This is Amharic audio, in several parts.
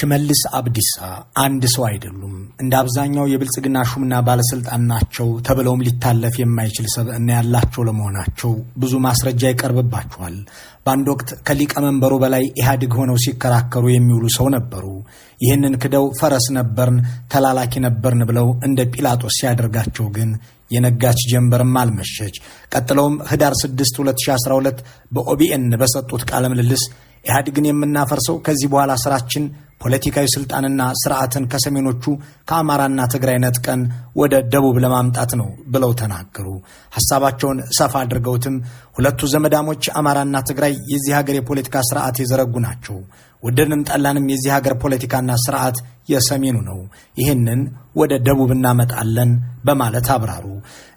ሽመልስ አብዲሳ አንድ ሰው አይደሉም። እንደ አብዛኛው የብልጽግና ሹምና ባለስልጣን ናቸው ተብለውም ሊታለፍ የማይችል ሰብዕና ያላቸው ለመሆናቸው ብዙ ማስረጃ ይቀርብባቸዋል። በአንድ ወቅት ከሊቀመንበሩ በላይ ኢህአዴግ ሆነው ሲከራከሩ የሚውሉ ሰው ነበሩ። ይህንን ክደው ፈረስ ነበርን፣ ተላላኪ ነበርን ብለው እንደ ጲላጦስ ሲያደርጋቸው ግን የነጋች ጀንበርም አልመሸች። ቀጥለውም ህዳር 6 2012 በኦቢኤን በሰጡት ቃለ ምልልስ ኢህአዴግን የምናፈርሰው ከዚህ በኋላ ስራችን ፖለቲካዊ ስልጣንና ስርዓትን ከሰሜኖቹ ከአማራና ትግራይ ነጥቀን ወደ ደቡብ ለማምጣት ነው ብለው ተናገሩ። ሐሳባቸውን ሰፋ አድርገውትም ሁለቱ ዘመዳሞች አማራና ትግራይ የዚህ ሀገር የፖለቲካ ስርዓት የዘረጉ ናቸው ወደንም ጠላንም የዚህ ሀገር ፖለቲካና ስርዓት የሰሜኑ ነው። ይህንን ወደ ደቡብ እናመጣለን በማለት አብራሩ።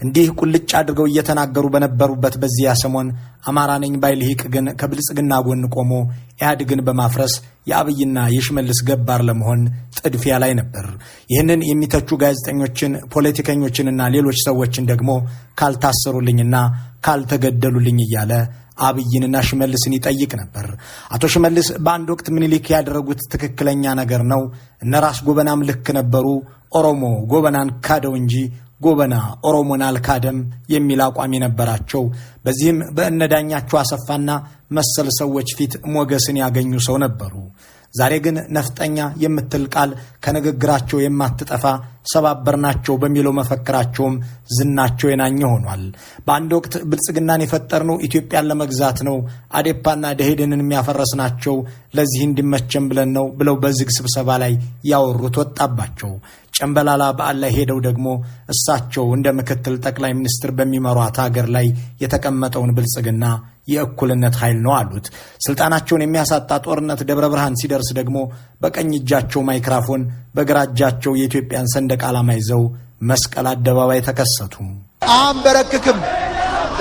እንዲህ ቁልጭ አድርገው እየተናገሩ በነበሩበት በዚያ ሰሞን አማራ ነኝ ባይ ልሂቅ ግን ከብልጽግና ጎን ቆሞ ኢህአዴግን በማፍረስ የአብይና የሽመልስ ገባር ለመሆን ጥድፊያ ላይ ነበር። ይህንን የሚተቹ ጋዜጠኞችን፣ ፖለቲከኞችንና ሌሎች ሰዎችን ደግሞ ካልታሰሩልኝና ካልተገደሉልኝ እያለ አብይንና ሽመልስን ይጠይቅ ነበር። አቶ ሽመልስ በአንድ ወቅት ምኒልክ ያደረጉት ትክክለኛ ነገር ነው፣ እነ ራስ ጎበናም ልክ ነበሩ፣ ኦሮሞ ጎበናን ካደው እንጂ ጎበና ኦሮሞን አልካደም የሚል አቋም የነበራቸው በዚህም በእነዳኛቸው አሰፋና መሰል ሰዎች ፊት ሞገስን ያገኙ ሰው ነበሩ። ዛሬ ግን ነፍጠኛ የምትል ቃል ከንግግራቸው የማትጠፋ ሰባበር ናቸው በሚለው መፈክራቸውም ዝናቸው የናኘ ሆኗል። በአንድ ወቅት ብልጽግናን የፈጠርነው ኢትዮጵያን ለመግዛት ነው፣ አዴፓና ደሄድንን የሚያፈረስ ናቸው፣ ለዚህ እንዲመቸን ብለን ነው ብለው በዝግ ስብሰባ ላይ ያወሩት ወጣባቸው። ጨንበላላ በዓል ላይ ሄደው ደግሞ እሳቸው እንደ ምክትል ጠቅላይ ሚኒስትር በሚመሯት ሀገር ላይ የተቀመጠውን ብልጽግና የእኩልነት ኃይል ነው አሉት። ስልጣናቸውን የሚያሳጣ ጦርነት ደብረ ብርሃን ሲደርስ ደግሞ በቀኝ እጃቸው ማይክራፎን፣ በግራ እጃቸው የኢትዮጵያን ሰንደ ሰንደቅ ዓላማ ይዘው መስቀል አደባባይ ተከሰቱ። አንበረክክም፣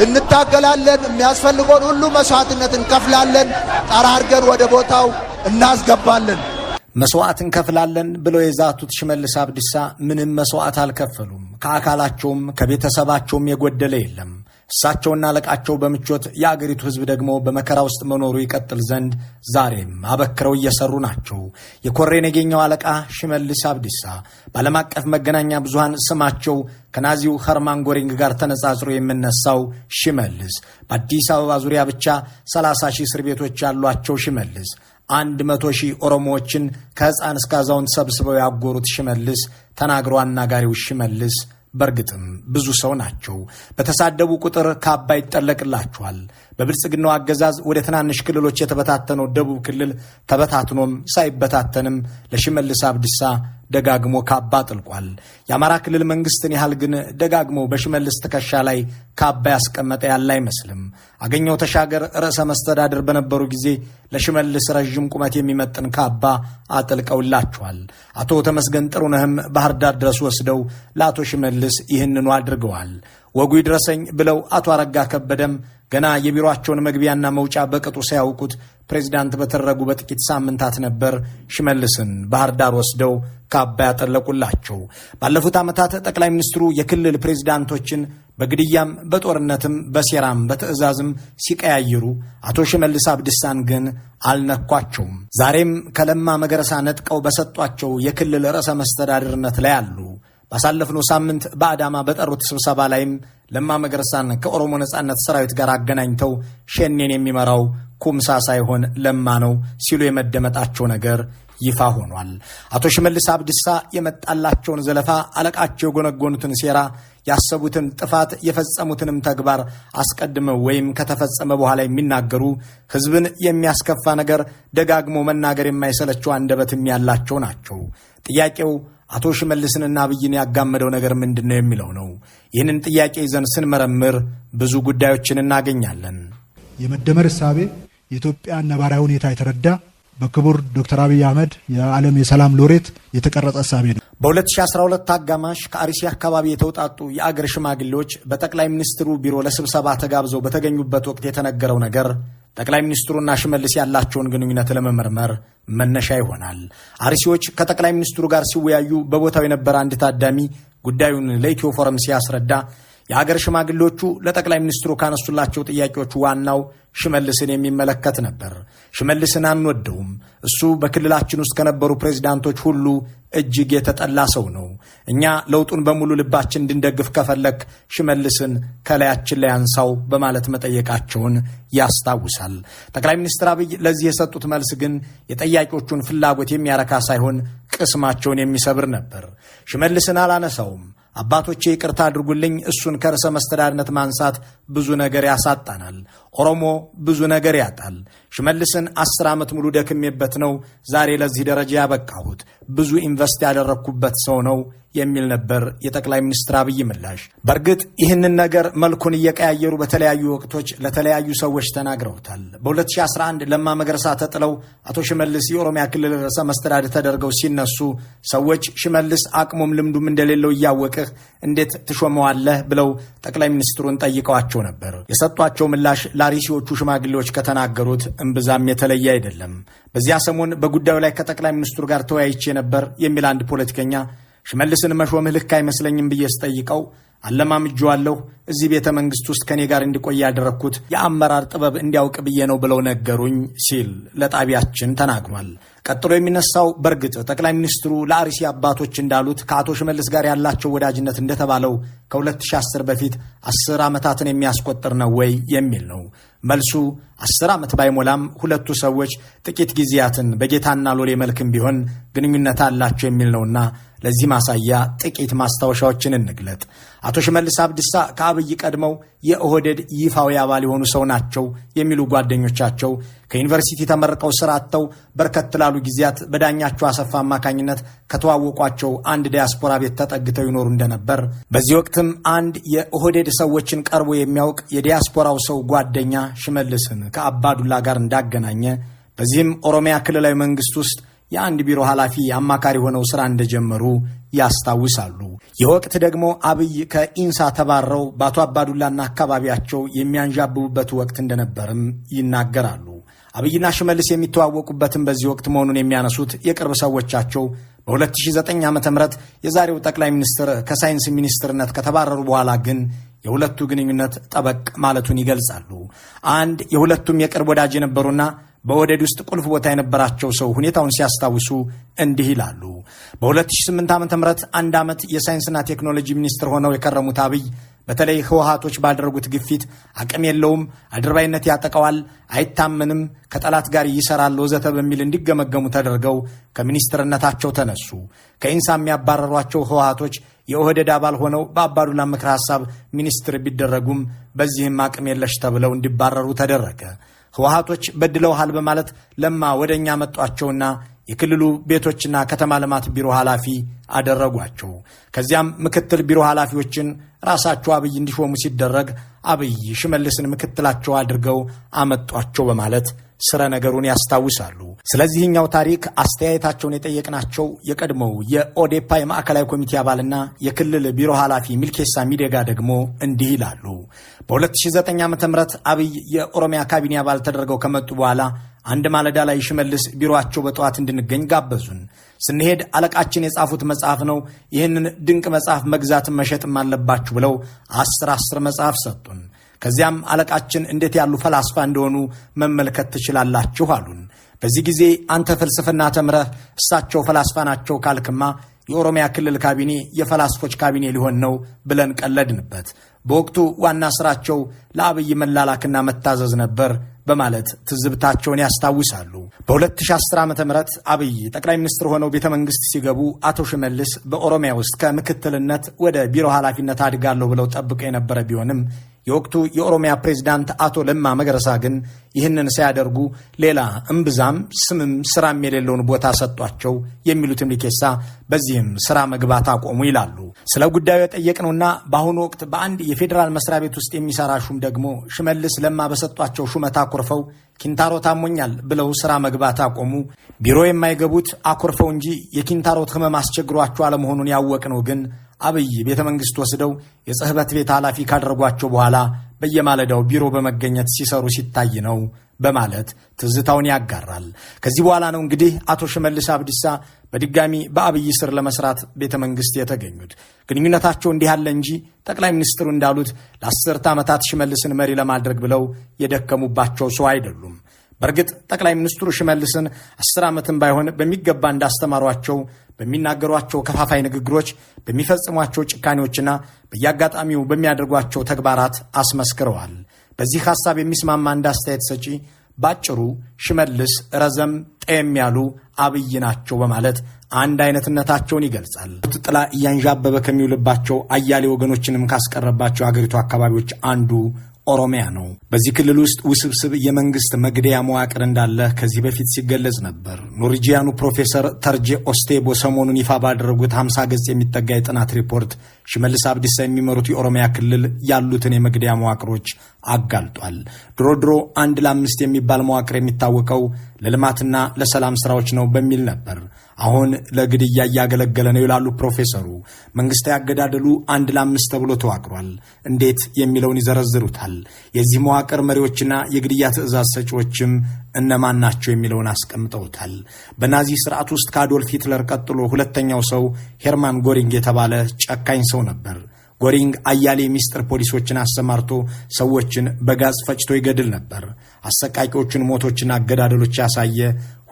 እንታገላለን፣ የሚያስፈልገውን ሁሉ መስዋዕትነት እንከፍላለን፣ ጠራርገን ወደ ቦታው እናስገባለን። መስዋዕት እንከፍላለን ብለው የዛቱት ሽመልስ አብዲሳ ምንም መስዋዕት አልከፈሉም። ከአካላቸውም ከቤተሰባቸውም የጎደለ የለም። እሳቸውና አለቃቸው በምቾት የአገሪቱ ህዝብ ደግሞ በመከራ ውስጥ መኖሩ ይቀጥል ዘንድ ዛሬም አበክረው እየሰሩ ናቸው። የኮሬን የገኘው አለቃ ሽመልስ አብዲሳ በዓለም አቀፍ መገናኛ ብዙሃን ስማቸው ከናዚው ኸርማን ጎሪንግ ጋር ተነጻጽሮ የምነሳው ሽመልስ በአዲስ አበባ ዙሪያ ብቻ 30 ሺህ እስር ቤቶች ያሏቸው ሽመልስ አንድ መቶ ሺህ ኦሮሞዎችን ከሕፃን እስከ አዛውንት ሰብስበው ያጎሩት ሽመልስ ተናግሮ አናጋሪው ሽመልስ በእርግጥም ብዙ ሰው ናቸው። በተሳደቡ ቁጥር ካባ ይጠለቅላቸዋል። በብልጽግናው አገዛዝ ወደ ትናንሽ ክልሎች የተበታተነው ደቡብ ክልል ተበታትኖም ሳይበታተንም ለሽመልስ አብዲሳ ደጋግሞ ካባ ጥልቋል። የአማራ ክልል መንግስትን ያህል ግን ደጋግሞ በሽመልስ ትከሻ ላይ ካባ ያስቀመጠ ያለ አይመስልም። አገኘው ተሻገር ርዕሰ መስተዳድር በነበሩ ጊዜ ለሽመልስ ረዥም ቁመት የሚመጥን ካባ አጥልቀውላቸዋል። አቶ ተመስገን ጥሩነህም ባህር ዳር ድረስ ወስደው ለአቶ ሽመልስ ይህንኑ አድርገዋል። ወጉ ይድረሰኝ ብለው አቶ አረጋ ከበደም ገና የቢሮቸውን መግቢያና መውጫ በቅጡ ሳያውቁት ፕሬዚዳንት በተደረጉ በጥቂት ሳምንታት ነበር ሽመልስን ባህር ዳር ወስደው ካባ ያጠለቁላቸው። ባለፉት ዓመታት ጠቅላይ ሚኒስትሩ የክልል ፕሬዚዳንቶችን በግድያም በጦርነትም በሴራም በትዕዛዝም ሲቀያይሩ አቶ ሽመልስ አብድሳን ግን አልነኳቸውም። ዛሬም ከለማ መገረሳ ነጥቀው በሰጧቸው የክልል ርዕሰ መስተዳድርነት ላይ አሉ። ባሳለፍነው ሳምንት በአዳማ በጠሩት ስብሰባ ላይም ለማ መገርሳን ከኦሮሞ ነጻነት ሰራዊት ጋር አገናኝተው ሸኔን የሚመራው ኩምሳ ሳይሆን ለማ ነው ሲሉ የመደመጣቸው ነገር ይፋ ሆኗል። አቶ ሽመልስ አብድሳ የመጣላቸውን ዘለፋ፣ አለቃቸው የጎነጎኑትን ሴራ፣ ያሰቡትን ጥፋት፣ የፈጸሙትንም ተግባር አስቀድመው ወይም ከተፈጸመ በኋላ የሚናገሩ ሕዝብን የሚያስከፋ ነገር ደጋግሞ መናገር የማይሰለቸው አንደበትም ያላቸው ናቸው። ጥያቄው አቶ ሽመልስንና አብይን ያጋመደው ነገር ምንድን ነው የሚለው ነው። ይህንን ጥያቄ ይዘን ስንመረምር ብዙ ጉዳዮችን እናገኛለን። የመደመር እሳቤ የኢትዮጵያ ነባራዊ ሁኔታ የተረዳ በክቡር ዶክተር አብይ አህመድ የዓለም የሰላም ሎሬት የተቀረጸ እሳቤ ነው። በ2012 አጋማሽ ከአርሲ አካባቢ የተውጣጡ የአገር ሽማግሌዎች በጠቅላይ ሚኒስትሩ ቢሮ ለስብሰባ ተጋብዘው በተገኙበት ወቅት የተነገረው ነገር ጠቅላይ ሚኒስትሩና ሽመልስ ያላቸውን ግንኙነት ለመመርመር መነሻ ይሆናል። አርሲዎች ከጠቅላይ ሚኒስትሩ ጋር ሲወያዩ በቦታው የነበረ አንድ ታዳሚ ጉዳዩን ለኢትዮ ፎረም ሲያስረዳ የሀገር ሽማግሌዎቹ ለጠቅላይ ሚኒስትሩ ካነሱላቸው ጥያቄዎች ዋናው ሽመልስን የሚመለከት ነበር። ሽመልስን አንወደውም፣ እሱ በክልላችን ውስጥ ከነበሩ ፕሬዚዳንቶች ሁሉ እጅግ የተጠላ ሰው ነው። እኛ ለውጡን በሙሉ ልባችን እንድንደግፍ ከፈለክ ሽመልስን ከላያችን ላይ አንሳው በማለት መጠየቃቸውን ያስታውሳል። ጠቅላይ ሚኒስትር አብይ ለዚህ የሰጡት መልስ ግን የጠያቂዎቹን ፍላጎት የሚያረካ ሳይሆን ቅስማቸውን የሚሰብር ነበር። ሽመልስን አላነሳውም አባቶቼ ይቅርታ አድርጉልኝ። እሱን ከርዕሰ መስተዳድነት ማንሳት ብዙ ነገር ያሳጣናል። ኦሮሞ ብዙ ነገር ያጣል። ሽመልስን አስር ዓመት ሙሉ ደክሜበት ነው ዛሬ ለዚህ ደረጃ ያበቃሁት። ብዙ ኢንቨስት ያደረግኩበት ሰው ነው የሚል ነበር የጠቅላይ ሚኒስትር አብይ ምላሽ። በእርግጥ ይህንን ነገር መልኩን እየቀያየሩ በተለያዩ ወቅቶች ለተለያዩ ሰዎች ተናግረውታል። በ2011 ለማ መገርሳ ተጥለው አቶ ሽመልስ የኦሮሚያ ክልል ርዕሰ መስተዳድር ተደርገው ሲነሱ ሰዎች ሽመልስ አቅሙም ልምዱም እንደሌለው እያወቅህ እንዴት ትሾመዋለህ ብለው ጠቅላይ ሚኒስትሩን ጠይቀዋቸው ነበር። የሰጧቸው ምላሽ ላሪሲዎቹ ሽማግሌዎች ከተናገሩት እምብዛም የተለየ አይደለም። በዚያ ሰሞን በጉዳዩ ላይ ከጠቅላይ ሚኒስትሩ ጋር ተወያይቼ ነበር የሚል አንድ ፖለቲከኛ ሽመልስን መሾምህ ልክ አይመስለኝም ብዬ ስጠይቀው አለማምጄዋለሁ። እዚህ ቤተ መንግስት ውስጥ ከኔ ጋር እንዲቆይ ያደረግኩት የአመራር ጥበብ እንዲያውቅ ብዬ ነው ብለው ነገሩኝ ሲል ለጣቢያችን ተናግሯል። ቀጥሎ የሚነሳው በእርግጥ ጠቅላይ ሚኒስትሩ ለአርሲ አባቶች እንዳሉት ከአቶ ሽመልስ ጋር ያላቸው ወዳጅነት እንደተባለው ከ2010 በፊት አስር ዓመታትን የሚያስቆጥር ነው ወይ የሚል ነው መልሱ። አስር ዓመት ባይሞላም ሁለቱ ሰዎች ጥቂት ጊዜያትን በጌታና ሎሌ መልክም ቢሆን ግንኙነት አላቸው የሚል ነውና ለዚህ ማሳያ ጥቂት ማስታወሻዎችን እንግለጥ። አቶ ሽመልስ አብዲሳ ከአብይ ቀድመው የኦህደድ ይፋዊ አባል የሆኑ ሰው ናቸው የሚሉ ጓደኞቻቸው ከዩኒቨርሲቲ ተመርቀው ስራ አጥተው በርከት ላሉ ጊዜያት በዳኛቸው አሰፋ አማካኝነት ከተዋወቋቸው አንድ ዲያስፖራ ቤት ተጠግተው ይኖሩ እንደነበር፣ በዚህ ወቅትም አንድ የኦህዴድ ሰዎችን ቀርቦ የሚያውቅ የዲያስፖራው ሰው ጓደኛ ሽመልስን ከአባዱላ ጋር እንዳገናኘ በዚህም ኦሮሚያ ክልላዊ መንግስት ውስጥ የአንድ ቢሮ ኃላፊ አማካሪ ሆነው ስራ እንደጀመሩ ያስታውሳሉ። የወቅት ወቅት ደግሞ አብይ ከኢንሳ ተባረው በአቶ አባዱላና አካባቢያቸው የሚያንዣብቡበት ወቅት እንደነበርም ይናገራሉ። አብይና ሽመልስ የሚተዋወቁበትም በዚህ ወቅት መሆኑን የሚያነሱት የቅርብ ሰዎቻቸው በ2009 ዓ ም የዛሬው ጠቅላይ ሚኒስትር ከሳይንስ ሚኒስትርነት ከተባረሩ በኋላ ግን የሁለቱ ግንኙነት ጠበቅ ማለቱን ይገልጻሉ። አንድ የሁለቱም የቅርብ ወዳጅ የነበሩና በወደድ ውስጥ ቁልፍ ቦታ የነበራቸው ሰው ሁኔታውን ሲያስታውሱ እንዲህ ይላሉ። በ2008 ዓ ም አንድ ዓመት የሳይንስና ቴክኖሎጂ ሚኒስትር ሆነው የከረሙት አብይ በተለይ ህወሀቶች ባደረጉት ግፊት አቅም የለውም፣ አድርባይነት ያጠቀዋል፣ አይታመንም፣ ከጠላት ጋር ይሰራል ወዘተ በሚል እንዲገመገሙ ተደርገው ከሚኒስትርነታቸው ተነሱ። ከኢንሳ የሚያባረሯቸው ህወሀቶች የኦህደድ አባል ሆነው በአባዱላ ምክረ ሐሳብ ሚኒስትር ቢደረጉም በዚህም አቅም የለሽ ተብለው እንዲባረሩ ተደረገ። ህወሀቶች በድለውሃል በማለት ለማ ወደ እኛ መጧቸውና የክልሉ ቤቶችና ከተማ ልማት ቢሮ ኃላፊ አደረጓቸው። ከዚያም ምክትል ቢሮ ኃላፊዎችን ራሳቸው አብይ እንዲሾሙ ሲደረግ አብይ ሽመልስን ምክትላቸው አድርገው አመጧቸው በማለት ስረ ነገሩን ያስታውሳሉ። ስለዚህኛው ታሪክ አስተያየታቸውን የጠየቅናቸው የቀድሞው የኦዴፓ የማዕከላዊ ኮሚቴ አባልና የክልል ቢሮ ኃላፊ ሚልኬሳ ሚዴጋ ደግሞ እንዲህ ይላሉ። በ2009 ዓ ም አብይ የኦሮሚያ ካቢኔ አባል ተደርገው ከመጡ በኋላ አንድ ማለዳ ላይ ሽመልስ ቢሮአቸው በጠዋት እንድንገኝ ጋበዙን። ስንሄድ አለቃችን የጻፉት መጽሐፍ ነው፣ ይህንን ድንቅ መጽሐፍ መግዛትን መሸጥም አለባችሁ ብለው አስር አስር መጽሐፍ ሰጡን። ከዚያም አለቃችን እንዴት ያሉ ፈላስፋ እንደሆኑ መመልከት ትችላላችሁ አሉን። በዚህ ጊዜ አንተ ፍልስፍና ተምረህ እሳቸው ፈላስፋ ናቸው ካልክማ የኦሮሚያ ክልል ካቢኔ የፈላስፎች ካቢኔ ሊሆን ነው ብለን ቀለድንበት። በወቅቱ ዋና ስራቸው ለአብይ መላላክና መታዘዝ ነበር በማለት ትዝብታቸውን ያስታውሳሉ። በ2010 ዓ ም አብይ ጠቅላይ ሚኒስትር ሆነው ቤተ መንግሥት ሲገቡ አቶ ሽመልስ በኦሮሚያ ውስጥ ከምክትልነት ወደ ቢሮ ኃላፊነት አድጋለሁ ብለው ጠብቀው የነበረ ቢሆንም የወቅቱ የኦሮሚያ ፕሬዚዳንት አቶ ለማ መገረሳ ግን ይህንን ሳያደርጉ ሌላ እምብዛም ስምም ስራም የሌለውን ቦታ ሰጧቸው የሚሉት ሊኬሳ በዚህም ስራ መግባት አቆሙ ይላሉ። ስለ ጉዳዩ የጠየቅነውና በአሁኑ ወቅት በአንድ የፌዴራል መስሪያ ቤት ውስጥ የሚሰራ ሹም ደግሞ ሽመልስ ለማ በሰጧቸው ሹመት አኩርፈው ኪንታሮት አሞኛል ብለው ስራ መግባት አቆሙ። ቢሮ የማይገቡት አኮርፈው እንጂ የኪንታሮት ህመም አስቸግሯቸው አለመሆኑን ያወቅነው ግን አብይ ቤተ መንግስት ወስደው የጽህፈት ቤት ኃላፊ ካደረጓቸው በኋላ በየማለዳው ቢሮ በመገኘት ሲሰሩ ሲታይ ነው በማለት ትዝታውን ያጋራል። ከዚህ በኋላ ነው እንግዲህ አቶ ሽመልስ አብዲሳ በድጋሚ በአብይ ስር ለመስራት ቤተ መንግስት የተገኙት ግንኙነታቸው እንዲህ አለ እንጂ ጠቅላይ ሚኒስትሩ እንዳሉት ለአስርተ ዓመታት ሽመልስን መሪ ለማድረግ ብለው የደከሙባቸው ሰው አይደሉም። በእርግጥ ጠቅላይ ሚኒስትሩ ሽመልስን አስር ዓመትም ባይሆን በሚገባ እንዳስተማሯቸው በሚናገሯቸው ከፋፋይ ንግግሮች፣ በሚፈጽሟቸው ጭካኔዎችና በየአጋጣሚው በሚያደርጓቸው ተግባራት አስመስክረዋል። በዚህ ሐሳብ የሚስማማ እንዳስተያየት ሰጪ ባጭሩ ሽመልስ ረዘም ጤም ያሉ አብይ ናቸው በማለት አንድ አይነትነታቸውን ይገልጻል። ጥላ እያንዣበበ ከሚውልባቸው አያሌ ወገኖችንም ካስቀረባቸው አገሪቱ አካባቢዎች አንዱ ኦሮሚያ ነው። በዚህ ክልል ውስጥ ውስብስብ የመንግስት መግደያ መዋቅር እንዳለ ከዚህ በፊት ሲገለጽ ነበር። ኖርጂያኑ ፕሮፌሰር ተርጄ ኦስቴቦ ሰሞኑን ይፋ ባደረጉት ሀምሳ ገጽ የሚጠጋ የጥናት ሪፖርት ሽመልስ አብዲሳ የሚመሩት የኦሮሚያ ክልል ያሉትን የመግደያ መዋቅሮች አጋልጧል። ድሮ ድሮ አንድ ለአምስት የሚባል መዋቅር የሚታወቀው ለልማትና ለሰላም ስራዎች ነው በሚል ነበር። አሁን ለግድያ እያገለገለ ነው ይላሉ ፕሮፌሰሩ። መንግስታዊ አገዳደሉ አንድ ለአምስት ተብሎ ተዋቅሯል። እንዴት የሚለውን ይዘረዝሩታል። የዚህ መዋቅር መሪዎችና የግድያ ትዕዛዝ ሰጪዎችም እነማን ናቸው የሚለውን አስቀምጠውታል። በናዚ ስርዓት ውስጥ ከአዶልፍ ሂትለር ቀጥሎ ሁለተኛው ሰው ሄርማን ጎሪንግ የተባለ ጨካኝ ሰው ነበር። ጎሪንግ አያሌ ሚስጥር ፖሊሶችን አሰማርቶ ሰዎችን በጋዝ ፈጭቶ ይገድል ነበር። አሰቃቂዎቹን ሞቶችና አገዳደሎች ያሳየ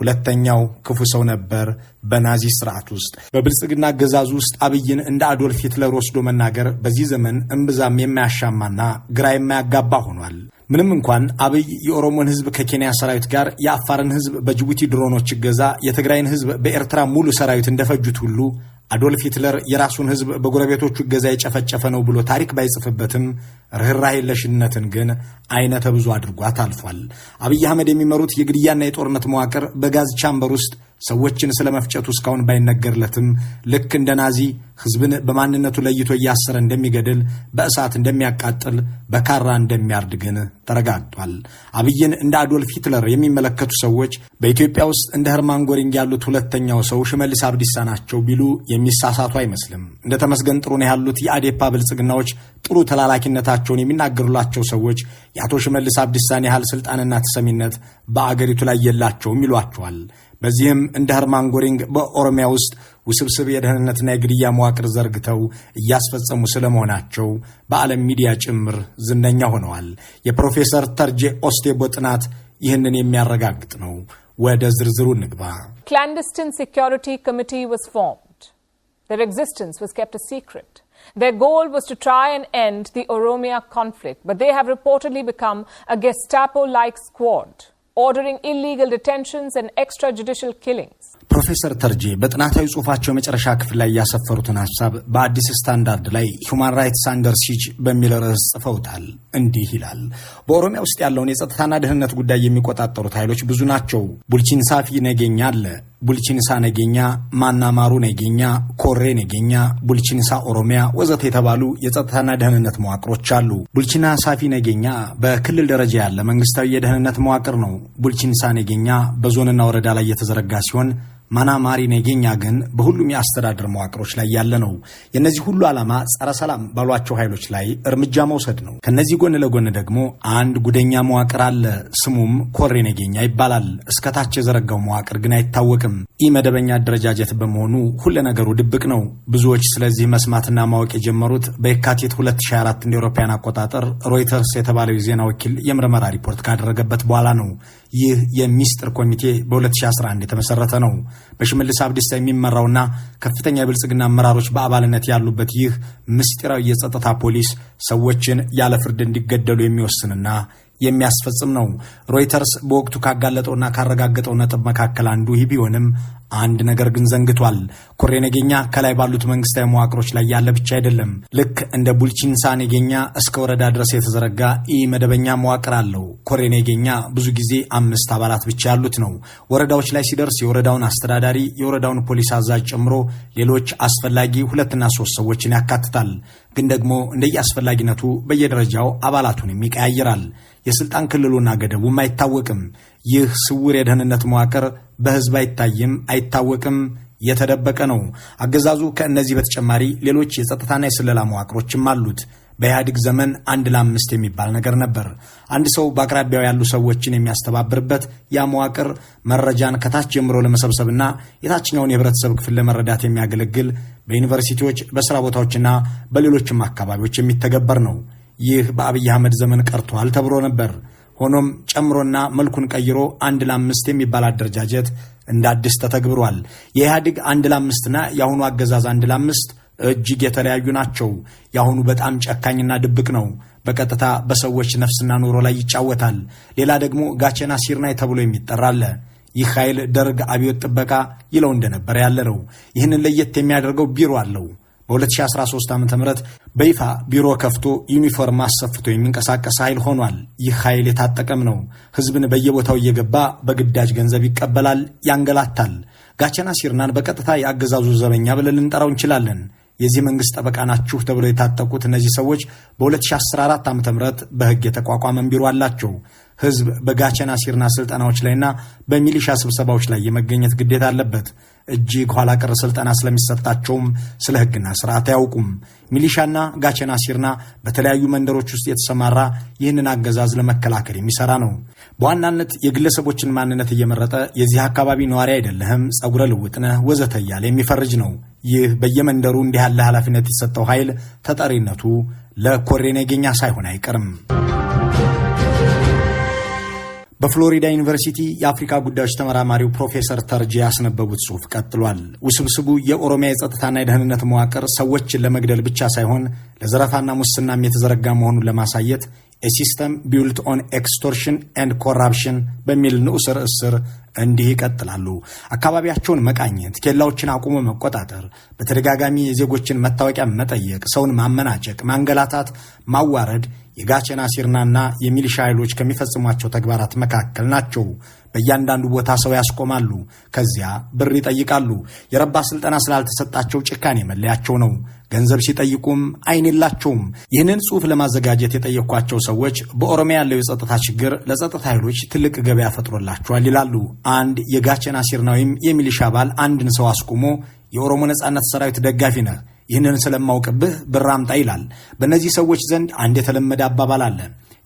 ሁለተኛው ክፉ ሰው ነበር። በናዚ ስርዓት ውስጥ በብልጽግና አገዛዝ ውስጥ አብይን እንደ አዶልፍ ሂትለር ወስዶ መናገር በዚህ ዘመን እምብዛም የማያሻማና ግራ የማያጋባ ሆኗል። ምንም እንኳን አብይ የኦሮሞን ህዝብ ከኬንያ ሰራዊት ጋር፣ የአፋርን ህዝብ በጅቡቲ ድሮኖች እገዛ፣ የትግራይን ህዝብ በኤርትራ ሙሉ ሰራዊት እንደፈጁት ሁሉ አዶልፍ ሂትለር የራሱን ህዝብ በጎረቤቶቹ እገዛ የጨፈጨፈ ነው ብሎ ታሪክ ባይጽፍበትም ርኅራኄ የለሽነትን ግን አይነተ ብዙ አድርጓት አልፏል። አብይ አህመድ የሚመሩት የግድያና የጦርነት መዋቅር በጋዝ ቻምበር ውስጥ ሰዎችን ስለ መፍጨቱ እስካሁን ባይነገርለትም ልክ እንደ ናዚ ህዝብን በማንነቱ ለይቶ እያሰረ እንደሚገድል፣ በእሳት እንደሚያቃጥል፣ በካራ እንደሚያርድ ግን ተረጋግጧል። አብይን እንደ አዶልፍ ሂትለር የሚመለከቱ ሰዎች በኢትዮጵያ ውስጥ እንደ ህርማን ጎሪንግ ያሉት ሁለተኛው ሰው ሽመልስ አብዲሳ ናቸው ቢሉ የሚሳሳቱ አይመስልም። እንደ ተመስገን ጥሩነህ ያሉት የአዴፓ ብልጽግናዎች ጥሩ ተላላኪነታቸውን የሚናገሩላቸው ሰዎች የአቶ ሽመልስ አብዲሳን ያህል ስልጣንና ተሰሚነት በአገሪቱ ላይ የላቸውም ይሏቸዋል። በዚህም እንደ ሀርማን ጎሪንግ በኦሮሚያ ውስጥ ውስብስብ የደህንነትና የግድያ መዋቅር ዘርግተው እያስፈጸሙ ስለመሆናቸው በዓለም ሚዲያ ጭምር ዝነኛ ሆነዋል። የፕሮፌሰር ተርጄ ኦስቴቦ ጥናት ይህንን የሚያረጋግጥ ነው። ወደ ዝርዝሩ እንግባ። ክላንደስቲን ሴኪሪቲ ኮሚቲ ዋስ ፎርምድ ዜር ኤግዚስተንስ ዋስ ኬፕት ሲክሬት Their goal was to try and end the Oromia conflict, but they have reportedly become a Gestapo like squad. ordering illegal detentions and extrajudicial killings. ፕሮፌሰር ተርጄ በጥናታዊ ጽሑፋቸው መጨረሻ ክፍል ላይ ያሰፈሩትን ሀሳብ በአዲስ ስታንዳርድ ላይ ሁማን ራይትስ አንደር ሲጅ በሚል ርዕስ ጽፈውታል። እንዲህ ይላል። በኦሮሚያ ውስጥ ያለውን የጸጥታና ደህንነት ጉዳይ የሚቆጣጠሩት ኃይሎች ብዙ ናቸው። ቡልቺንሳፊ ነገኛ አለ ቡልቺንሳ ነገኛ፣ ማናማሩ ነገኛ፣ ኮሬ ነገኛ፣ ቡልቺንሳ ኦሮሚያ ወዘተ የተባሉ የጸጥታና ደህንነት መዋቅሮች አሉ። ቡልቺና ሳፊ ነገኛ በክልል ደረጃ ያለ መንግስታዊ የደህንነት መዋቅር ነው። ቡልቺንሳ ነገኛ በዞንና ወረዳ ላይ የተዘረጋ ሲሆን ማናማሪ ኔጌኛ ግን በሁሉም የአስተዳደር መዋቅሮች ላይ ያለ ነው። የእነዚህ ሁሉ ዓላማ ጸረ ሰላም ባሏቸው ኃይሎች ላይ እርምጃ መውሰድ ነው። ከእነዚህ ጎን ለጎን ደግሞ አንድ ጉደኛ መዋቅር አለ። ስሙም ኮሬ ኔጌኛ ይባላል። እስከታች የዘረጋው መዋቅር ግን አይታወቅም። ኢ መደበኛ አደረጃጀት በመሆኑ ሁለ ነገሩ ድብቅ ነው። ብዙዎች ስለዚህ መስማትና ማወቅ የጀመሩት በየካቲት 2024 እንደ አውሮፓውያን አቆጣጠር ሮይተርስ የተባለው የዜና ወኪል የምርመራ ሪፖርት ካደረገበት በኋላ ነው። ይህ የሚስጥር ኮሚቴ በ2011 የተመሰረተ ነው። በሽመልስ አብዲሳ የሚመራውና ከፍተኛ የብልጽግና አመራሮች በአባልነት ያሉበት ይህ ምስጢራዊ የጸጥታ ፖሊስ ሰዎችን ያለ ፍርድ እንዲገደሉ የሚወስንና የሚያስፈጽም ነው። ሮይተርስ በወቅቱ ካጋለጠውና ካረጋገጠው ነጥብ መካከል አንዱ ይህ ቢሆንም አንድ ነገር ግን ዘንግቷል። ኩሬ ነገኛ ከላይ ባሉት መንግስታዊ መዋቅሮች ላይ ያለ ብቻ አይደለም። ልክ እንደ ቡልቺንሳ ነገኛ እስከ ወረዳ ድረስ የተዘረጋ ኢ መደበኛ መዋቅር አለው። ኮሬ ነገኛ ብዙ ጊዜ አምስት አባላት ብቻ ያሉት ነው። ወረዳዎች ላይ ሲደርስ የወረዳውን አስተዳዳሪ፣ የወረዳውን ፖሊስ አዛዥ ጨምሮ ሌሎች አስፈላጊ ሁለትና ሶስት ሰዎችን ያካትታል። ግን ደግሞ እንደየአስፈላጊነቱ በየደረጃው አባላቱን ይቀያይራል። የስልጣን ክልሉና ገደቡም አይታወቅም። ይህ ስውር የደህንነት መዋቅር በህዝብ አይታይም፣ አይታወቅም የተደበቀ ነው። አገዛዙ ከእነዚህ በተጨማሪ ሌሎች የጸጥታና የስለላ መዋቅሮችም አሉት። በኢህአዲግ ዘመን አንድ ለአምስት የሚባል ነገር ነበር። አንድ ሰው በአቅራቢያው ያሉ ሰዎችን የሚያስተባብርበት ያ መዋቅር መረጃን ከታች ጀምሮ ለመሰብሰብና የታችኛውን የህብረተሰብ ክፍል ለመረዳት የሚያገለግል በዩኒቨርሲቲዎች፣ በስራ ቦታዎችና በሌሎችም አካባቢዎች የሚተገበር ነው። ይህ በአብይ አህመድ ዘመን ቀርቷል ተብሎ ነበር። ሆኖም ጨምሮና መልኩን ቀይሮ አንድ ለአምስት የሚባል አደረጃጀት እንደ አዲስ ተተግብሯል። የኢህአዴግ አንድ ለአምስትና የአሁኑ አገዛዝ አንድ ለአምስት እጅግ የተለያዩ ናቸው። የአሁኑ በጣም ጨካኝና ድብቅ ነው። በቀጥታ በሰዎች ነፍስና ኑሮ ላይ ይጫወታል። ሌላ ደግሞ ጋቼና ሲርናይ ተብሎ የሚጠራ አለ። ይህ ኃይል ደርግ አብዮት ጥበቃ ይለው እንደነበረ ያለ ነው። ይህንን ለየት የሚያደርገው ቢሮ አለው። በ2013 ዓ ም በይፋ ቢሮ ከፍቶ ዩኒፎርም አሰፍቶ የሚንቀሳቀስ ኃይል ሆኗል። ይህ ኃይል የታጠቀም ነው። ህዝብን በየቦታው እየገባ በግዳጅ ገንዘብ ይቀበላል፣ ያንገላታል። ጋቸና ሲርናን በቀጥታ የአገዛዙ ዘበኛ ብለን ልንጠራው እንችላለን። የዚህ መንግሥት ጠበቃ ናችሁ ተብለው የታጠቁት እነዚህ ሰዎች በ2014 ዓ ም በሕግ የተቋቋመን ቢሮ አላቸው። ህዝብ በጋቸና ሲርና ስልጠናዎች ላይና በሚሊሻ ስብሰባዎች ላይ የመገኘት ግዴታ አለበት። እጅግ ኋላ ቀር ስልጠና ስለሚሰጣቸውም ስለ ህግና ስርዓት አያውቁም። ሚሊሻና ጋቸና ሲርና በተለያዩ መንደሮች ውስጥ የተሰማራ ይህንን አገዛዝ ለመከላከል የሚሰራ ነው። በዋናነት የግለሰቦችን ማንነት እየመረጠ የዚህ አካባቢ ነዋሪ አይደለህም፣ ጸጉረ ልውጥነህ ወዘተ እያለ የሚፈርጅ ነው። ይህ በየመንደሩ እንዲህ ያለ ኃላፊነት የሰጠው ኃይል ተጠሪነቱ ለኮሬ ሳይሆን አይቀርም። በፍሎሪዳ ዩኒቨርሲቲ የአፍሪካ ጉዳዮች ተመራማሪው ፕሮፌሰር ተርጂ ያስነበቡት ጽሑፍ ቀጥሏል። ውስብስቡ የኦሮሚያ የጸጥታና የደህንነት መዋቅር ሰዎችን ለመግደል ብቻ ሳይሆን ለዘረፋና ሙስናም የተዘረጋ መሆኑን ለማሳየት ኤሲስተም ቢውልት ኦን ኤክስቶርሽን ኤንድ ኮራፕሽን በሚል ንዑስ ርዕስ ስር እንዲህ ይቀጥላሉ። አካባቢያቸውን መቃኘት፣ ኬላዎችን አቁሞ መቆጣጠር፣ በተደጋጋሚ የዜጎችን መታወቂያ መጠየቅ፣ ሰውን ማመናጨቅ፣ ማንገላታት፣ ማዋረድ የጋቸና ሲርናና የሚሊሻ ኃይሎች ከሚፈጽሟቸው ተግባራት መካከል ናቸው። በእያንዳንዱ ቦታ ሰው ያስቆማሉ። ከዚያ ብር ይጠይቃሉ። የረባ ስልጠና ስላልተሰጣቸው ጭካኔ መለያቸው ነው። ገንዘብ ሲጠይቁም አይን የላቸውም። ይህንን ጽሑፍ ለማዘጋጀት የጠየኳቸው ሰዎች በኦሮሚያ ያለው የጸጥታ ችግር ለጸጥታ ኃይሎች ትልቅ ገበያ ፈጥሮላቸዋል ይላሉ። አንድ የጋቸና ሲርና ወይም የሚሊሻ አባል አንድን ሰው አስቆሞ የኦሮሞ ነጻነት ሰራዊት ደጋፊ ነህ ይህንን ስለማውቅብህ ብር አምጣ ይላል። በእነዚህ ሰዎች ዘንድ አንድ የተለመደ አባባል አለ።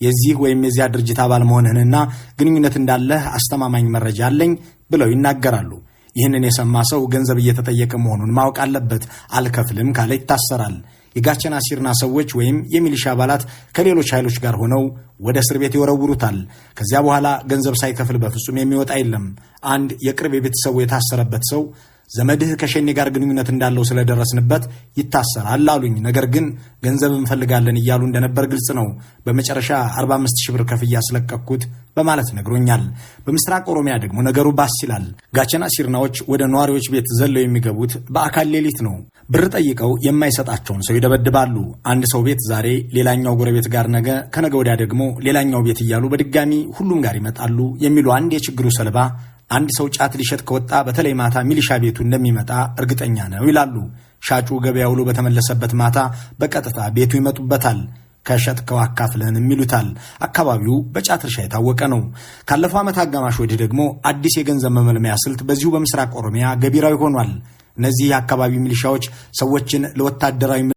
የዚህ ወይም የዚያ ድርጅት አባል መሆንህንና ግንኙነት እንዳለህ አስተማማኝ መረጃ አለኝ ብለው ይናገራሉ። ይህንን የሰማ ሰው ገንዘብ እየተጠየቀ መሆኑን ማወቅ አለበት። አልከፍልም ካለ ይታሰራል። የጋቸና ሲርና ሰዎች ወይም የሚሊሻ አባላት ከሌሎች ኃይሎች ጋር ሆነው ወደ እስር ቤት ይወረውሩታል። ከዚያ በኋላ ገንዘብ ሳይከፍል በፍጹም የሚወጣ የለም። አንድ የቅርብ የቤተሰቡ የታሰረበት ሰው ዘመድህ ከሸኔ ጋር ግንኙነት እንዳለው ስለደረስንበት ይታሰራል አሉኝ። ነገር ግን ገንዘብ እንፈልጋለን እያሉ እንደነበር ግልጽ ነው። በመጨረሻ 45 ሺህ ብር ከፍዬ አስለቀቅኩት በማለት ነግሮኛል። በምስራቅ ኦሮሚያ ደግሞ ነገሩ ባስ ይላል። ጋቸና ሲርናዎች ወደ ነዋሪዎች ቤት ዘለው የሚገቡት በአካል ሌሊት ነው። ብር ጠይቀው የማይሰጣቸውን ሰው ይደበድባሉ። አንድ ሰው ቤት ዛሬ፣ ሌላኛው ጎረቤት ጋር ነገ፣ ከነገ ወዲያ ደግሞ ሌላኛው ቤት እያሉ በድጋሚ ሁሉም ጋር ይመጣሉ የሚሉ አንድ የችግሩ ሰለባ አንድ ሰው ጫት ሊሸጥ ከወጣ በተለይ ማታ ሚሊሻ ቤቱ እንደሚመጣ እርግጠኛ ነው ይላሉ። ሻጩ ገበያ ውሎ በተመለሰበት ማታ በቀጥታ ቤቱ ይመጡበታል። ከሸጥከው የሚሉታል ይሉታል። አካባቢው በጫት እርሻ የታወቀ ነው። ካለፈው ዓመት አጋማሽ ወዲህ ደግሞ አዲስ የገንዘብ መመልመያ ስልት በዚሁ በምስራቅ ኦሮሚያ ገቢራዊ ሆኗል። እነዚህ የአካባቢ ሚሊሻዎች ሰዎችን ለወታደራዊ